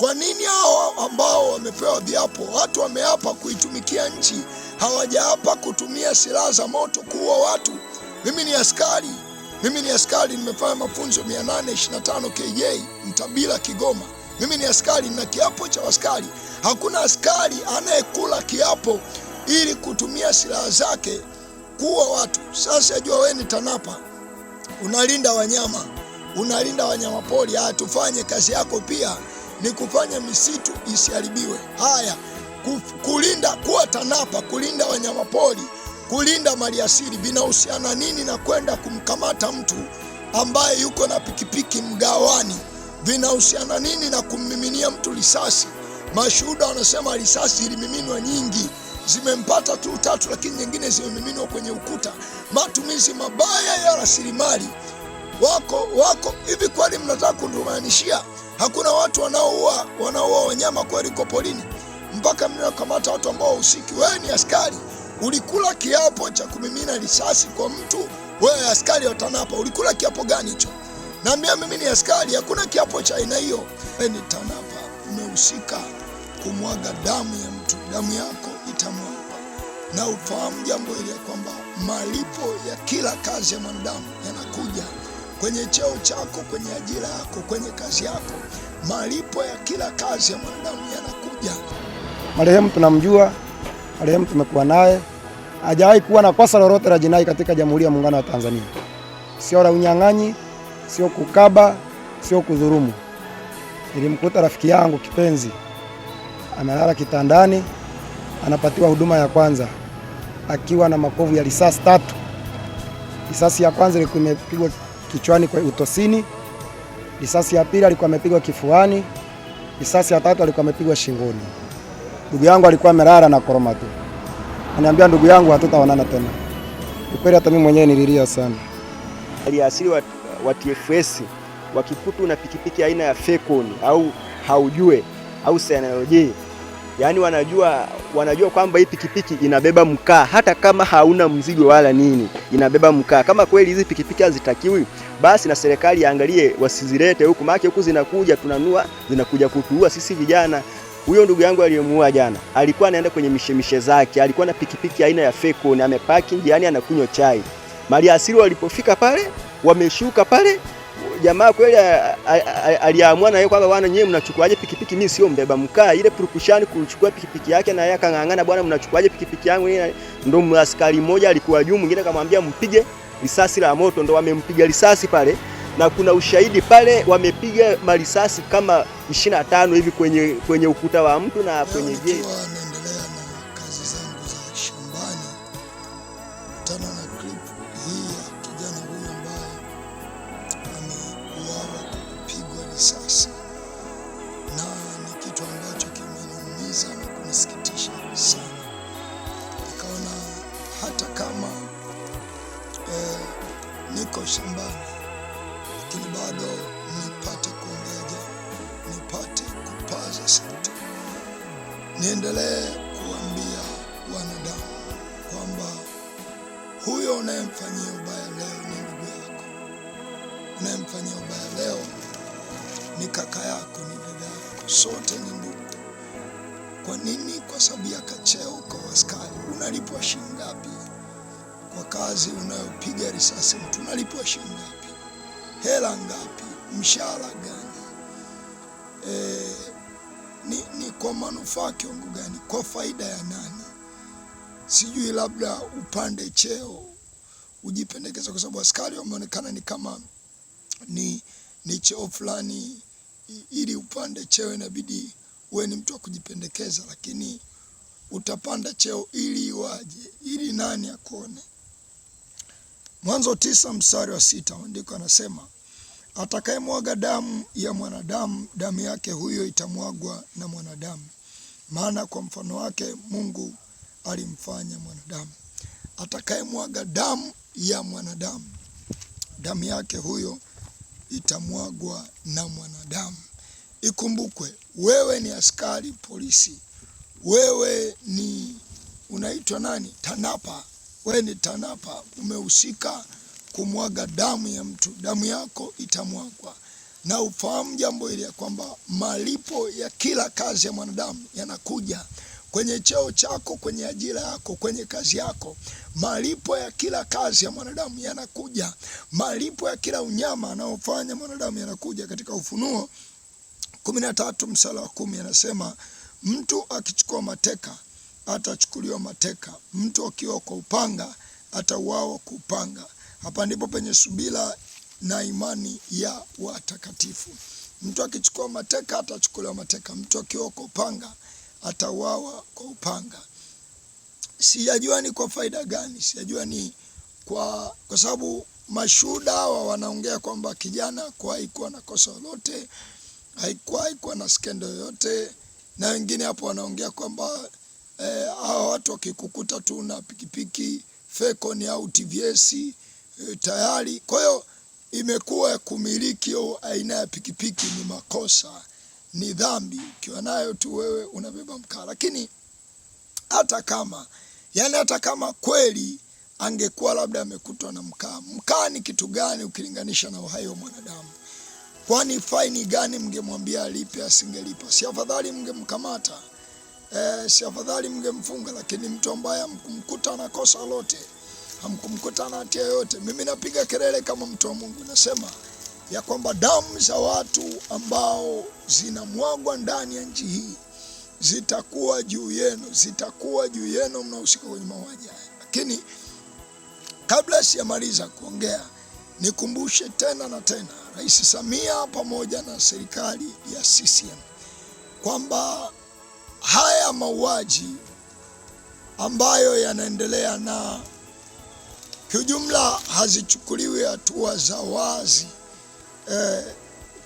Kwa nini hao ambao wamepewa viapo, watu wameapa kuitumikia nchi, hawajaapa kutumia silaha za moto kuua watu? Mimi ni askari, mimi ni askari, nimefanya mafunzo 825 KJ Mtabila, Kigoma. Mimi ni askari na kiapo cha askari. Hakuna askari anayekula kiapo ili kutumia silaha zake kuua watu. Sasa jua wewe ni TANAPA, unalinda wanyama, unalinda wanyamapori, tufanye kazi yako pia ni kufanya misitu isiharibiwe. Haya, kulinda, kuwa TANAPA, kulinda wanyamapori, kulinda maliasili vinahusiana nini na kwenda kumkamata mtu ambaye yuko na pikipiki mgawani? Vinahusiana nini na kummiminia mtu risasi? Mashuhuda wanasema risasi ilimiminwa nyingi, zimempata tu tatu, lakini nyingine zimemiminwa kwenye ukuta. Matumizi mabaya ya rasilimali wako wako hivi. Kweli mnataka kundumanishia? Hakuna watu wanaoua wanaoua wanyama kweli kwa polini, mpaka mnakamata watu ambao wahusiki. Wewe ni askari, ulikula kiapo cha kumimina risasi kwa mtu. Wewe askari wa TANAPA ulikula kiapo gani hicho? Naambia mimi ni askari, hakuna kiapo cha aina hiyo. Wewe ni TANAPA, umehusika kumwaga damu ya mtu, damu yako itamwaga na ufahamu jambo hili ya kwamba malipo ya kila kazi ya mwanadamu yanakuja kwenye cheo chako, kwenye ajira yako, kwenye kazi yako. Malipo ya kila kazi ya mwanadamu yanakuja. Marehemu tunamjua, marehemu tumekuwa naye, hajawahi kuwa na kosa lolote la jinai katika Jamhuri ya Muungano wa Tanzania, sio la unyang'anyi, sio kukaba, sio kudhulumu. Nilimkuta rafiki yangu kipenzi analala kitandani, anapatiwa huduma ya kwanza akiwa na makovu ya risasi tatu. Risasi ya kwanza ilikuwa imepigwa kichwani kwa utosini, risasi ya pili alikuwa amepigwa kifuani, risasi ya tatu alikuwa amepigwa shingoni. Ndugu yangu alikuwa amelala na koroma tu, ananiambia ndugu yangu, hatutaonana tena. Ukweli hata mimi mwenyewe nililia sana. Aliasili wa, wa TFS wakikutu na pikipiki aina ya Falcon au haujue au Synology, yaani wanajua, wanajua kwamba hii pikipiki inabeba mkaa, hata kama hauna mzigo wala nini, inabeba mkaa. Kama kweli hizi pikipiki hazitakiwi basi na serikali yaangalie wasizilete huku, maana huku zinakuja tunanua, zinakuja kutuua sisi vijana. Huyo ndugu yangu aliyemuua jana alikuwa anaenda kwenye mishemishe zake, alikuwa na pikipiki aina ya feko na amepaki njiani, anakunywa chai. Mali asili walipofika pale, wameshuka pale, jamaa kweli aliamua na yeye kwamba bwana, nyewe mnachukuaje pikipiki, mimi sio mbeba mkaa. Ile purukushani kuchukua pikipiki yake, na yeye akang'ang'ana, bwana, mnachukuaje pikipiki yangu? Ndio askari mmoja alikuwa juu, mwingine akamwambia mpige risasi la moto, ndo wamempiga risasi pale, na kuna ushahidi pale, wamepiga marisasi kama 25 hivi kwenye, kwenye ukuta wa mtu na kwenye geti yaani na ni kitu ambacho shambani, lakini bado nipate kuongea, nipate kupaza sauti, niendelee kuambia wanadamu kwamba huyo unayemfanyia ubaya leo ni ndugu yako, unayemfanyia ubaya leo ni kaka yako, ni dada yako, sote ni ndugu. Kwa nini? Kwa sababu ya kacheo kwa askari unalipwa shilingi ngapi? kwa kazi unayopiga risasi mtu unalipwa shilingi ngapi? Hela ngapi? Mshahara gani? E, ni, ni kwa manufaa kiongo gani? Kwa faida ya nani? Sijui, labda upande cheo ujipendekeza, kwa sababu askari wameonekana ni kama ni, ni cheo fulani. Ili upande cheo inabidi uwe ni mtu wa kujipendekeza, lakini utapanda cheo ili iwaje? Ili nani akuone? Mwanzo tisa mstari wa sita maandiko anasema atakayemwaga damu ya mwanadamu, damu yake huyo itamwagwa na mwanadamu, maana kwa mfano wake Mungu alimfanya mwanadamu. Atakayemwaga damu ya mwanadamu, damu yake huyo itamwagwa na mwanadamu. Ikumbukwe wewe ni askari polisi, wewe ni unaitwa nani? TANAPA we ni TANAPA, umehusika kumwaga damu ya mtu, damu yako itamwagwa. Na ufahamu jambo hili ya kwamba malipo ya kila kazi ya mwanadamu yanakuja kwenye cheo chako, kwenye ajira yako, kwenye kazi yako. Malipo ya kila kazi ya mwanadamu yanakuja. Malipo ya kila unyama anaofanya mwanadamu yanakuja. Katika Ufunuo kumi na tatu msala wa kumi anasema mtu akichukua mateka atachukuliwa mateka, mtu akiwa kwa upanga atauawa kwa upanga. Hapa ndipo penye subira na imani ya watakatifu. Mtu akichukua mateka atachukuliwa mateka, mtu akiwa kwa upanga atauawa kwa upanga. Sijajua ni kwa faida gani, sijajua ni kwa, kwa sababu mashuhuda hawa wanaongea kwamba kijana kwa haikuwa na kosa lolote, haikuwa haikuwa na skendo yoyote, na wengine hapo wanaongea kwamba Eh, hawa watu wakikukuta tu na pikipiki Fekoni au TVS eh, tayari. Kwa hiyo imekuwa kumiliki au aina ya pikipiki ni makosa, ni dhambi. Ukiwa nayo tu wewe unabeba mkaa. Lakini hata kama yani, hata kama kweli angekuwa labda amekutwa na mkaa, mkaa ni kitu gani ukilinganisha na uhai wa mwanadamu? Kwani faini gani mngemwambia alipe? Asingelipa, si afadhali mngemkamata e, si afadhali mngemfunga, lakini mtu ambaye hamkumkuta na kosa lote, hamkumkuta na hatia yote. Mimi napiga kelele kama mtu wa Mungu, nasema ya kwamba damu za watu ambao zinamwagwa ndani ya nchi hii zitakuwa juu yenu, zitakuwa juu yenu, mnahusika kwenye mauaji haya. Lakini kabla sijamaliza kuongea, nikumbushe tena na tena Rais Samia pamoja na serikali ya CCM kwamba haya mauaji ambayo yanaendelea na kiujumla hazichukuliwi hatua za wazi. E,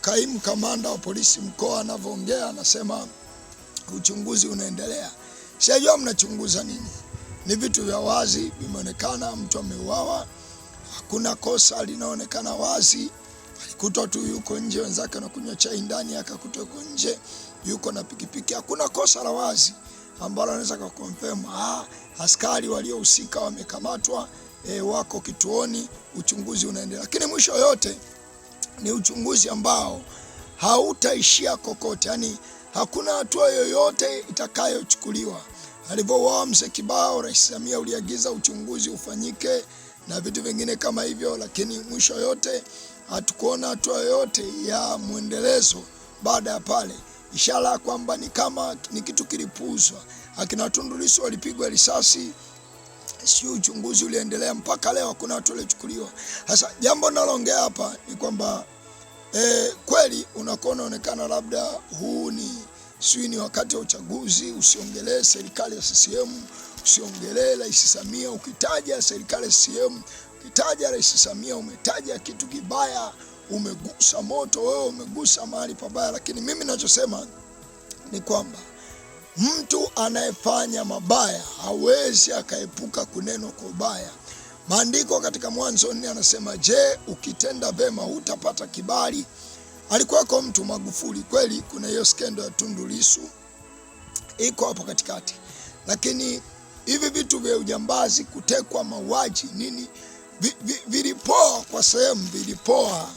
kaimu kamanda wa polisi mkoa anavyoongea anasema uchunguzi unaendelea. Sijajua mnachunguza nini? Ni vitu vya wazi vimeonekana, mtu ameuawa, hakuna kosa linaonekana wazi. Alikutwa tu yuko nje, wenzake anakunywa chai ndani, akakutwa yuko nje yuko na pikipiki, hakuna kosa la wazi ambalo anaweza kukonfirm ah, askari waliohusika wamekamatwa, e, wako kituoni, uchunguzi unaendelea. Lakini mwisho yote ni uchunguzi ambao hautaishia kokote, yani hakuna hatua yoyote itakayochukuliwa. Alivyouawa mzee Kibao, Rais Samia uliagiza uchunguzi ufanyike na vitu vingine kama hivyo, lakini mwisho yote hatukuona hatua yoyote ya mwendelezo baada ya pale ishara ya kwamba ni kama ni kitu kilipuuzwa. Akina Tundu Lissu walipigwa risasi, sio uchunguzi uliendelea mpaka leo, hakuna watu waliochukuliwa. Sasa jambo ninaloongea hapa ni kwamba e, kweli unakuwa unaonekana labda huu ni sijui ni wakati wa uchaguzi, usiongelee serikali ya CCM, usiongelee Rais Samia. Ukitaja serikali ya CCM, ukitaja Rais Samia, umetaja kitu kibaya umegusa moto, wewe umegusa mahali pabaya. Lakini mimi ninachosema ni kwamba mtu anayefanya mabaya hawezi akaepuka kunenwa kwa ubaya. Maandiko katika Mwanzo nne anasema, je, ukitenda vema hutapata kibali? Alikuwako mtu Magufuli kweli, kuna hiyo skendo ya Tundu Lissu iko hapo katikati, lakini hivi vitu vya ujambazi, kutekwa, mauaji, nini vilipoa vi, kwa sehemu vilipoa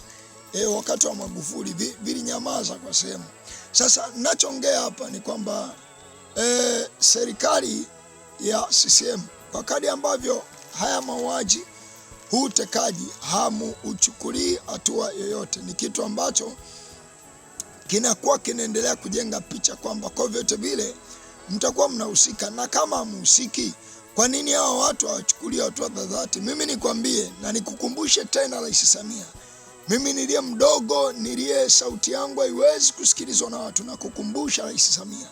e, wakati wa Magufuli vilinyamaza kwa sehemu. Sasa nachongea hapa ni kwamba e, serikali ya CCM kwa kadi ambavyo haya mauaji, huu utekaji hamu uchukulii hatua yoyote, ni kitu ambacho kinakuwa kinaendelea kujenga picha kwamba kwa vyote vile mtakuwa mnahusika, na kama hamhusiki, kwa nini hao watu hawachukulia hatua za dhati? Mimi nikwambie na nikukumbushe tena, Rais Samia mimi niliye mdogo, niliye sauti yangu haiwezi kusikilizwa na watu, na kukumbusha Rais Samia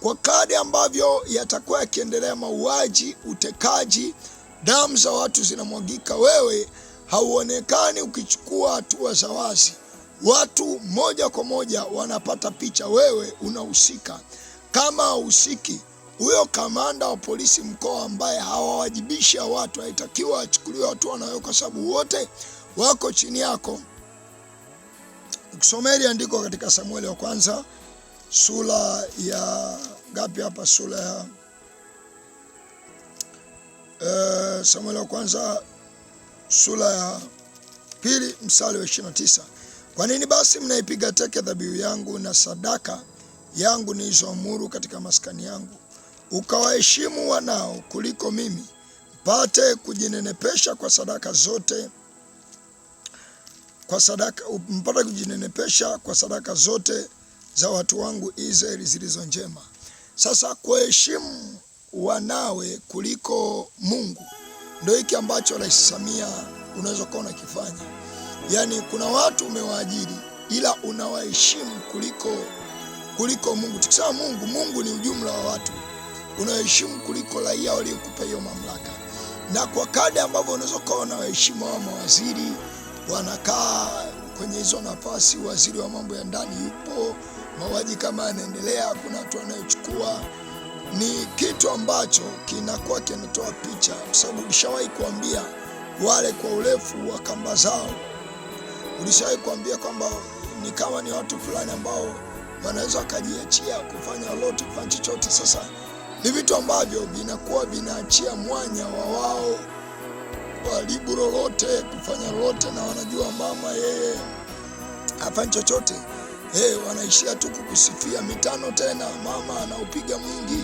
kwa kadi ambavyo yatakuwa yakiendelea mauaji, utekaji, damu za watu zinamwagika, wewe hauonekani ukichukua hatua za wazi. Watu moja kwa moja wanapata picha, wewe unahusika. Kama hahusiki, huyo kamanda wa polisi mkoa ambaye hawawajibishi watu, haitakiwa achukuliwe hatua nayo, kwa sababu wote wako chini yako. Ukisomeli andiko katika Samueli wa kwanza sura ya ngapi hapa? Sura ya e, Samueli wa kwanza sura ya pili mstari wa tisa Kwa nini basi mnaipiga teke dhabihu yangu na sadaka yangu nilizoamuru katika maskani yangu, ukawaheshimu wanao kuliko mimi, mpate kujinenepesha kwa sadaka zote kwa sadaka mpata kujinenepesha kwa sadaka zote za watu wangu Israeli zilizo njema. Sasa kuheshimu wanawe kuliko Mungu ndio hiki ambacho Rais Samia unaweza kuwa unakifanya. Yaani, kuna watu umewaajiri ila unawaheshimu kuliko kuliko Mungu. Tukisema Mungu, Mungu ni ujumla wa watu, unawaheshimu kuliko raia waliokupa hiyo mamlaka, na kwa kadi ambavyo unaweza kuwa unawaheshimu hawa mawaziri wanakaa kwenye hizo nafasi. Waziri wa mambo ya ndani yupo, mauaji kama yanaendelea, kuna watu wanayochukua. Ni kitu ambacho kinakuwa kinatoa picha, kwa sababu ulishawahi kuambia wale kwa urefu wa kamba zao, ulishawahi kuambia kwamba ni kama ni watu fulani ambao wanaweza wakajiachia kufanya lolote, kufanya chochote. Sasa ni vitu ambavyo vinakuwa vinaachia mwanya wa wao kuharibu lolote, kufanya lolote, na wanajua mama yeye hafanyi chochote. Hey, eh, wanaishia tu kukusifia. Mitano tena mama anaupiga mwingi,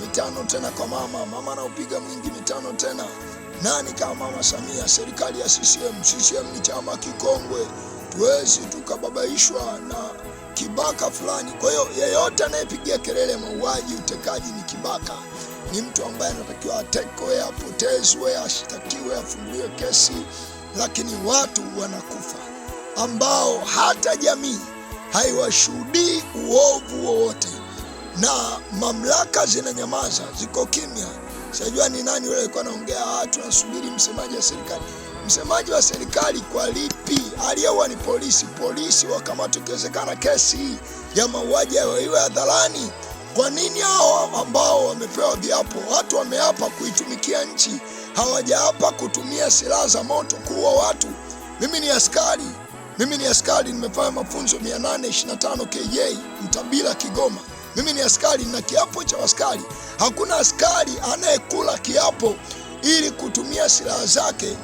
mitano tena kwa mama, mama anaupiga mwingi, mitano tena. Nani kama mama Samia? Serikali ya CCM. CCM ni chama kikongwe, tuwezi tukababaishwa na kibaka fulani. Kwa hiyo yeyote anayepigia kelele mauaji, utekaji ni kibaka ni mtu ambaye anatakiwa atekwe, apotezwe, ashtakiwe, afunguliwe kesi, lakini watu wanakufa ambao hata jamii haiwashuhudii uovu wowote, na mamlaka zinanyamaza, ziko kimya. Sijajua ni nani yule alikuwa anaongea, watu nasubiri msemaji wa serikali. Msemaji wa serikali kwa lipi? Aliyeua ni polisi, polisi wakamata ikiwezekana kesi ya mauaji yaiwe hadharani. Kwa nini hao ambao wamepewa viapo, watu wameapa kuitumikia nchi, hawajaapa kutumia silaha za moto kuua watu? Mimi ni askari, mimi ni askari, nimefanya mafunzo 825 KJ Mtabila, Kigoma. Mimi ni askari na kiapo cha askari. Hakuna askari anayekula kiapo ili kutumia silaha zake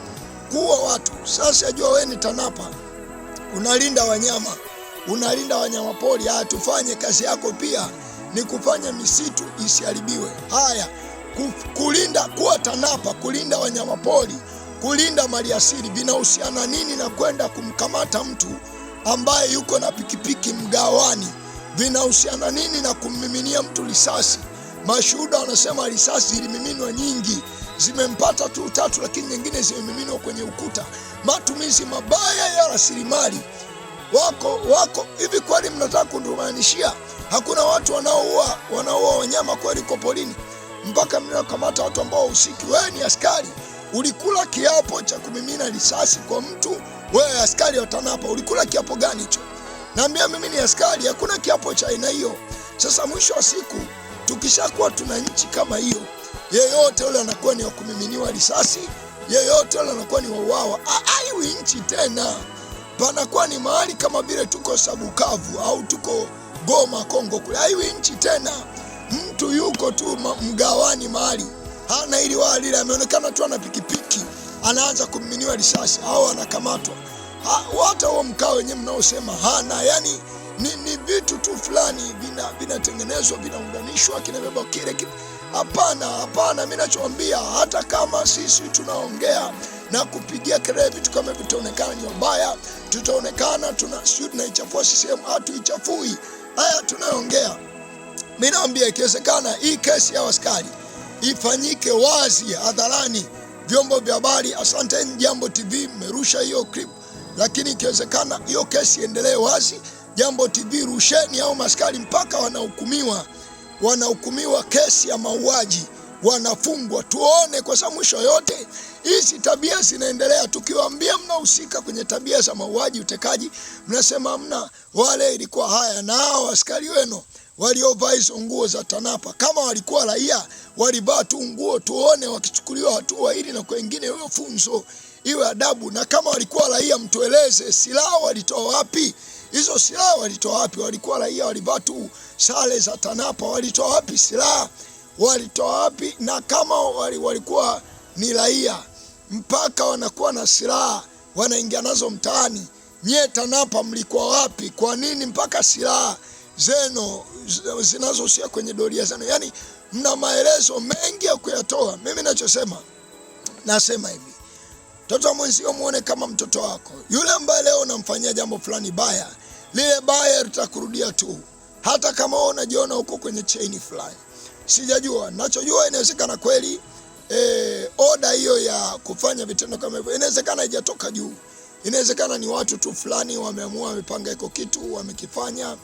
kuua watu. Sasa jua wewe ni TANAPA, unalinda wanyama, unalinda wanyamapori, hatufanye kazi yako pia ni kufanya misitu isiharibiwe. Haya, kulinda, kuwa TANAPA, kulinda wanyamapori, kulinda maliasili vinahusiana nini na kwenda kumkamata mtu ambaye yuko na pikipiki mgawani? Vinahusiana nini na kummiminia mtu risasi? Mashuhuda wanasema risasi zilimiminwa nyingi, zimempata tu tatu, lakini nyingine zimemiminwa kwenye ukuta. Matumizi mabaya ya rasilimali wako wako hivi. Kweli mnataka kundumanishia Hakuna watu wanaoua wanaoua wanyama kweli kwa polini, mpaka mnakamata watu ambao wahusiki. Wewe ni askari, ulikula kiapo cha kumimina risasi kwa mtu. Wewe askari wa TANAPA ulikula kiapo gani hicho? Naambia mimi ni askari, hakuna kiapo cha aina hiyo. Sasa mwisho wa siku tukishakuwa tuna nchi kama hiyo, yeyote yule anakuwa ni wakumiminiwa risasi, yeyote yule anakuwa ni wauawa. Aiwi nchi tena, panakuwa ni mahali kama vile tuko Sabukavu au tuko Goma, Kongo kule, haiwi nchi tena. Mtu yuko tu mgawani mahali, hana ili wala lile, ameonekana tu ana pikipiki, anaanza kumiminiwa risasi au anakamatwa. Hata huo mkaa wenyewe mnaosema hana, yani ni vitu tu fulani vinatengenezwa, vina vinaunganishwa, kinabeba kile kile. Hapana, hapana, mi nachoambia, hata kama sisi tunaongea na kupigia kelele, vitu kama vitaonekana ni wabaya, tutaonekana tuna tunaichafua CCM. Hatuichafui haya tunayoongea, mimi naambia ikiwezekana hii kesi ya askari ifanyike wazi hadharani, vyombo vya habari. Asanteni Jambo TV mmerusha hiyo clip, lakini ikiwezekana hiyo kesi iendelee wazi. Jambo TV rusheni, au maskari mpaka wanahukumiwa, wanahukumiwa kesi ya mauaji wanafungwa. Tuone, kwa sababu mwisho yote hizi tabia zinaendelea. Tukiwaambia mnahusika kwenye tabia za mauaji, utekaji, mnasema hamna, wale ilikuwa haya. Na hao askari wenu waliovaa hizo nguo za TANAPA kama walikuwa raia, walivaa tu nguo. Tuone wakichukuliwa hatua ili na kwengine hiyo funzo iwe adabu. Na kama walikuwa raia, mtueleze silaha walitoa wapi? Hizo silaha walitoa wapi? Walikuwa raia, walivaa tu sare za TANAPA, walitoa wapi silaha? walitoa wapi, na kama wali, walikuwa ni raia mpaka wanakuwa na silaha wanaingia nazo mtaani. Nyie TANAPA mlikuwa wapi? Kwa nini mpaka silaha zeno zinazosia kwenye doria zeno? Yani mna maelezo mengi ya kuyatoa. Mimi nachosema nasema hivi, mtoto mwenzio muone kama mtoto wako yule ambaye leo unamfanyia jambo fulani baya, lile baya litakurudia tu, hata kama unajiona huko kwenye chaini fulani sijajua. Nachojua inawezekana kweli e, eh, oda hiyo ya kufanya vitendo kama hivyo inawezekana haijatoka juu, inawezekana ni watu tu fulani wameamua, wamepanga iko kitu wamekifanya,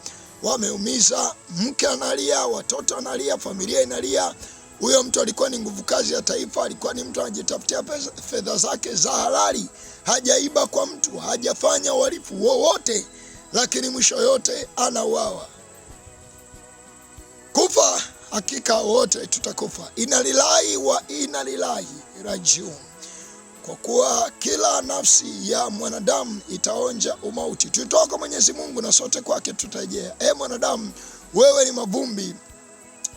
wameumiza, mke analia, watoto analia, familia inalia. Huyo mtu alikuwa ni nguvu kazi ya taifa, alikuwa ni mtu anajitafutia fedha zake za halali, hajaiba kwa mtu, hajafanya uhalifu wowote, lakini mwisho yote anauawa kufa hakika wote tutakufa. Inalilahi wa inalilahi rajiun, kwa kuwa kila nafsi ya mwanadamu itaonja umauti. Tutoka kwa Mwenyezi Mungu na sote kwake tutarejea. E mwanadamu, wewe ni mavumbi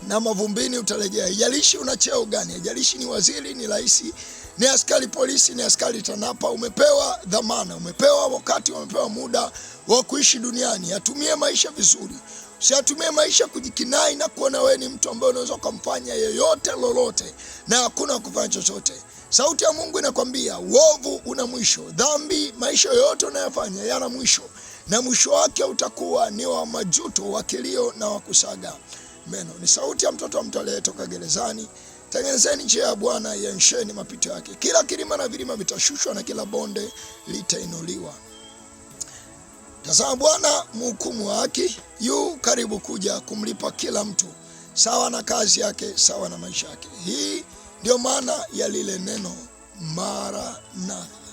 na mavumbini utarejea. Haijalishi una cheo gani, haijalishi ni waziri, ni rais, ni askari polisi, ni askari TANAPA. Umepewa dhamana, umepewa wakati, umepewa muda wa kuishi duniani. Atumie maisha vizuri. Usiyatumie maisha kujikinai na kuona wewe ni mtu ambaye unaweza ukamfanya yeyote lolote, na hakuna kufanya chochote. Sauti ya Mungu inakwambia uovu una mwisho, dhambi, maisha yoyote unayofanya yana mwisho, na mwisho wake utakuwa ni wa majuto, wa kilio na wa kusaga meno. Ni sauti ya mtoto wa mtu aliyetoka gerezani. Tengenezeni njia ya Bwana, yensheni mapito yake. Kila kilima na vilima vitashushwa, na kila bonde litainuliwa. Tazama, Bwana mhukumu wa haki yu karibu kuja kumlipa kila mtu sawa na kazi yake, sawa na maisha yake. Hii ndio maana ya lile neno Maranatha.